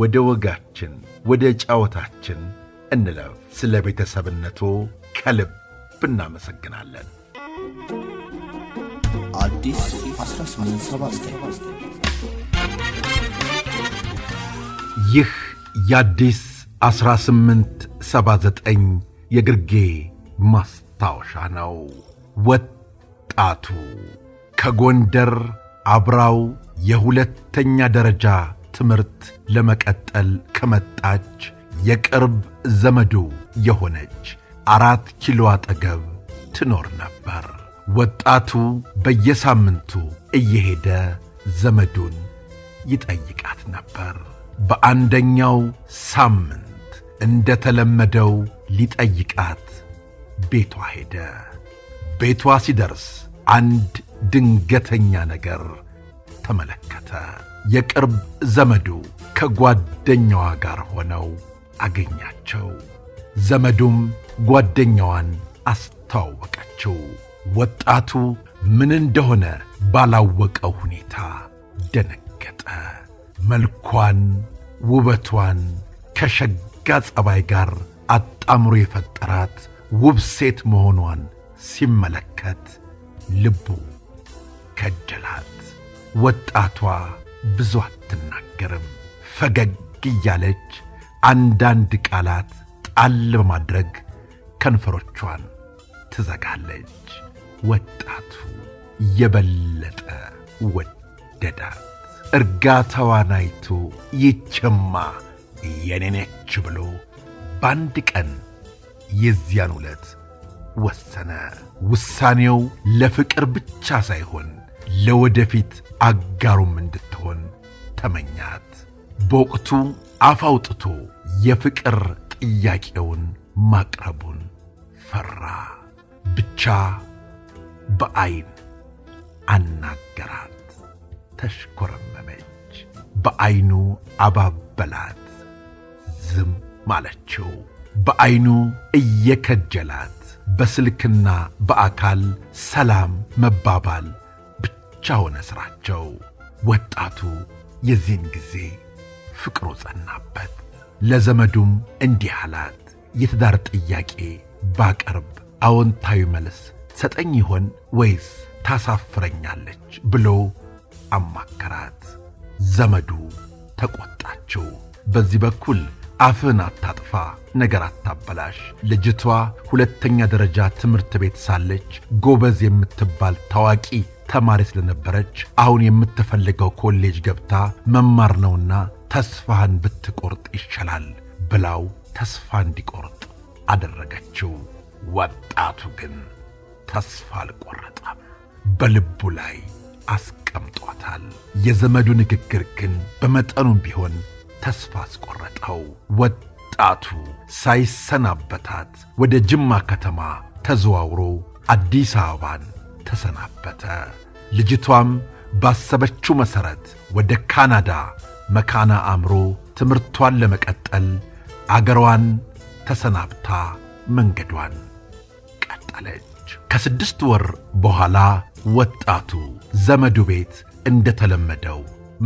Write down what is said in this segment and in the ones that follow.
ወደ ወጋችን ወደ ጫወታችን እንለፍ። ስለ ቤተሰብነቱ ከልብ እናመሰግናለን። ይህ የአዲስ 1879 የግርጌ ማስታወሻ ነው። ወጣቱ ከጎንደር አብራው የሁለተኛ ደረጃ ትምህርት ለመቀጠል ከመጣች የቅርብ ዘመዱ የሆነች አራት ኪሎ አጠገብ ትኖር ነበር። ወጣቱ በየሳምንቱ እየሄደ ዘመዱን ይጠይቃት ነበር። በአንደኛው ሳምንት እንደተለመደው ሊጠይቃት ቤቷ ሄደ። ቤቷ ሲደርስ አንድ ድንገተኛ ነገር ተመለከተ። የቅርብ ዘመዱ ከጓደኛዋ ጋር ሆነው አገኛቸው። ዘመዱም ጓደኛዋን አስተዋወቀችው። ወጣቱ ምን እንደሆነ ባላወቀው ሁኔታ ደነገጠ። መልኳን፣ ውበቷን ከሸጋ ጸባይ ጋር አጣምሮ የፈጠራት ውብ ሴት መሆኗን ሲመለከት ልቡ ከደላት። ወጣቷ ብዙ አትናገርም። ፈገግ እያለች አንዳንድ ቃላት ጣል በማድረግ ከንፈሮቿን ትዘጋለች። ወጣቱ የበለጠ ወደዳት። እርጋታዋን አይቶ ይችማ የኔ ነች ብሎ በአንድ ቀን የዚያን ዕለት ወሰነ። ውሳኔው ለፍቅር ብቻ ሳይሆን ለወደፊት አጋሩም እንድ ተመኛት። በወቅቱ አፍ አውጥቶ የፍቅር ጥያቄውን ማቅረቡን ፈራ። ብቻ በዐይን አናገራት። ተሽኮረመመች። በዐይኑ አባበላት። ዝም ማለችው። በዐይኑ እየከጀላት በስልክና በአካል ሰላም መባባል ብቻ ሆነ ሥራቸው። ወጣቱ የዚህን ጊዜ ፍቅሩ ጸናበት። ለዘመዱም እንዲህ አላት፣ የትዳር ጥያቄ ባቀርብ አዎንታዊ መልስ ሰጠኝ ይሆን ወይስ ታሳፍረኛለች ብሎ አማከራት። ዘመዱ ተቆጣችው። በዚህ በኩል አፍን አታጥፋ፣ ነገር አታበላሽ። ልጅቷ ሁለተኛ ደረጃ ትምህርት ቤት ሳለች ጎበዝ የምትባል ታዋቂ ተማሪ ስለነበረች አሁን የምትፈልገው ኮሌጅ ገብታ መማር ነውና ተስፋህን ብትቆርጥ ይሻላል ብላው ተስፋ እንዲቆርጥ አደረገችው። ወጣቱ ግን ተስፋ አልቆረጠም፣ በልቡ ላይ አስቀምጧታል። የዘመዱ ንግግር ግን በመጠኑም ቢሆን ተስፋ አስቆረጠው። ወጣቱ ሳይሰናበታት ወደ ጅማ ከተማ ተዘዋውሮ አዲስ አበባን ተሰናበተ። ልጅቷም ባሰበችው መሠረት ወደ ካናዳ መካና አምሮ ትምህርቷን ለመቀጠል አገሯን ተሰናብታ መንገዷን ቀጠለች። ከስድስት ወር በኋላ ወጣቱ ዘመዱ ቤት እንደተለመደው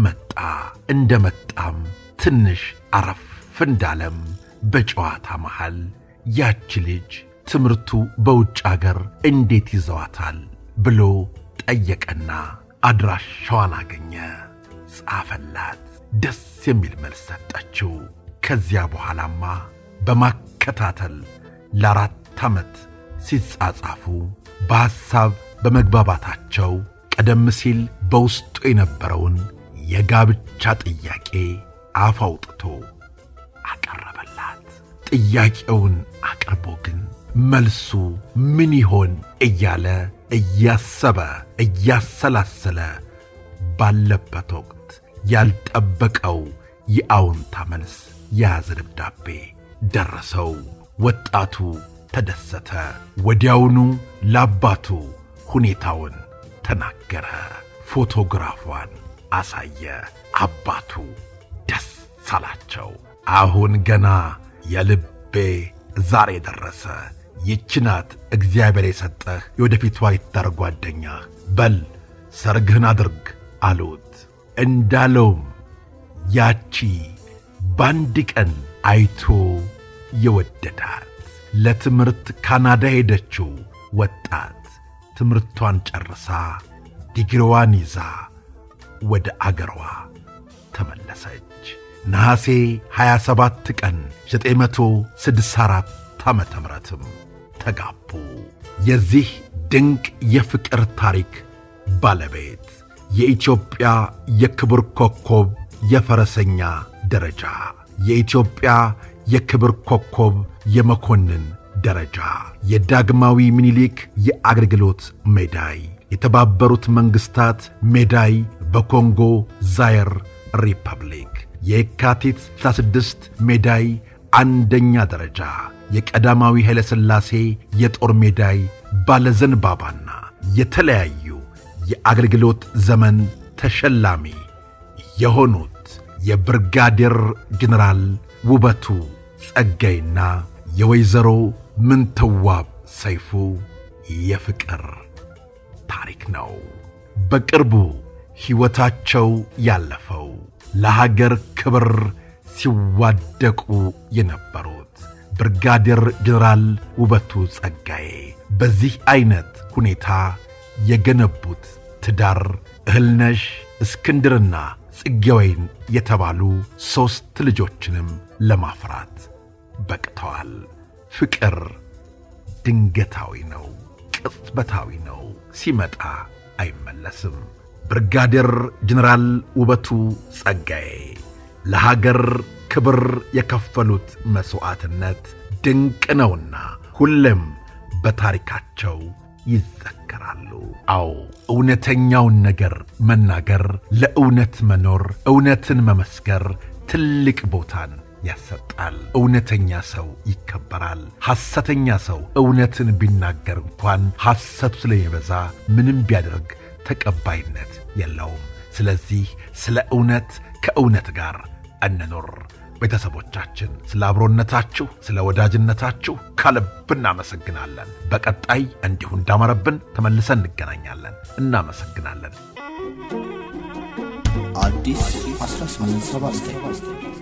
መጣ። እንደ መጣም ትንሽ አረፍ እንዳለም በጨዋታ መሃል ያች ልጅ ትምህርቱ በውጭ አገር እንዴት ይዘዋታል ብሎ ጠየቀና አድራሻዋን አገኘ። ጻፈላት። ደስ የሚል መልስ ሰጠችው። ከዚያ በኋላማ በማከታተል ለአራት ዓመት ሲጻጻፉ በሐሳብ በመግባባታቸው ቀደም ሲል በውስጡ የነበረውን የጋብቻ ጥያቄ አፍ አውጥቶ አቀረበላት። ጥያቄውን አቅርቦ ግን መልሱ ምን ይሆን እያለ እያሰበ እያሰላሰለ ባለበት ወቅት ያልጠበቀው የአዎንታ መልስ የያዘ ደብዳቤ ደረሰው። ወጣቱ ተደሰተ። ወዲያውኑ ለአባቱ ሁኔታውን ተናገረ። ፎቶግራፏን አሳየ። አባቱ ደስ አላቸው። አሁን ገና የልቤ ዛሬ ደረሰ ይቺ እግዚአብሔር የሰጠህ የወደፊቷ ይታር ጓደኛህ፣ በል ሰርግህን አድርግ አሉት። እንዳለውም ያቺ በአንድ ቀን አይቶ የወደዳት ለትምህርት ካናዳ ሄደችው ወጣት ትምህርቷን ጨርሳ ዲግሪዋን ይዛ ወደ አገሯ ተመለሰች። ነሐሴ 27 ቀን 964 ዓ.ም ተጋቡ። የዚህ ድንቅ የፍቅር ታሪክ ባለቤት የኢትዮጵያ የክብር ኮከብ የፈረሰኛ ደረጃ፣ የኢትዮጵያ የክብር ኮከብ የመኮንን ደረጃ፣ የዳግማዊ ምኒልክ የአገልግሎት ሜዳይ፣ የተባበሩት መንግሥታት ሜዳይ በኮንጎ ዛየር ሪፐብሊክ፣ የካቲት 16 ሜዳይ አንደኛ ደረጃ የቀዳማዊ ኃይለ ሥላሴ የጦር ሜዳይ ባለዘንባባና የተለያዩ የአገልግሎት ዘመን ተሸላሚ የሆኑት የብርጋዴር ጀኔራል ውበቱ ጸጋይና የወይዘሮ ምንትዋብ ሰይፉ የፍቅር ታሪክ ነው። በቅርቡ ሕይወታቸው ያለፈው ለሀገር ክብር ሲዋደቁ የነበሩት ብርጋዴር ጀነራል ውበቱ ጸጋዬ በዚህ ዐይነት ሁኔታ የገነቡት ትዳር እህልነሽ እስክንድርና ጽጌወይን የተባሉ ሦስት ልጆችንም ለማፍራት በቅተዋል። ፍቅር ድንገታዊ ነው፣ ቅጽበታዊ ነው፣ ሲመጣ አይመለስም። ብርጋዴር ጀነራል ውበቱ ጸጋዬ ለሀገር ክብር የከፈሉት መሥዋዕትነት ድንቅ ነውና ሁሌም በታሪካቸው ይዘከራሉ። አዎ እውነተኛውን ነገር መናገር፣ ለእውነት መኖር፣ እውነትን መመስከር ትልቅ ቦታን ያሰጣል። እውነተኛ ሰው ይከበራል። ሐሰተኛ ሰው እውነትን ቢናገር እንኳን ሐሰቱ ስለሚበዛ ምንም ቢያደርግ ተቀባይነት የለውም። ስለዚህ ስለ እውነት ከእውነት ጋር እንኖር ቤተሰቦቻችን ስለ አብሮነታችሁ፣ ስለ ወዳጅነታችሁ ከልብ እናመሰግናለን። በቀጣይ እንዲሁ እንዳመረብን ተመልሰን እንገናኛለን። እናመሰግናለን። አዲስ 1879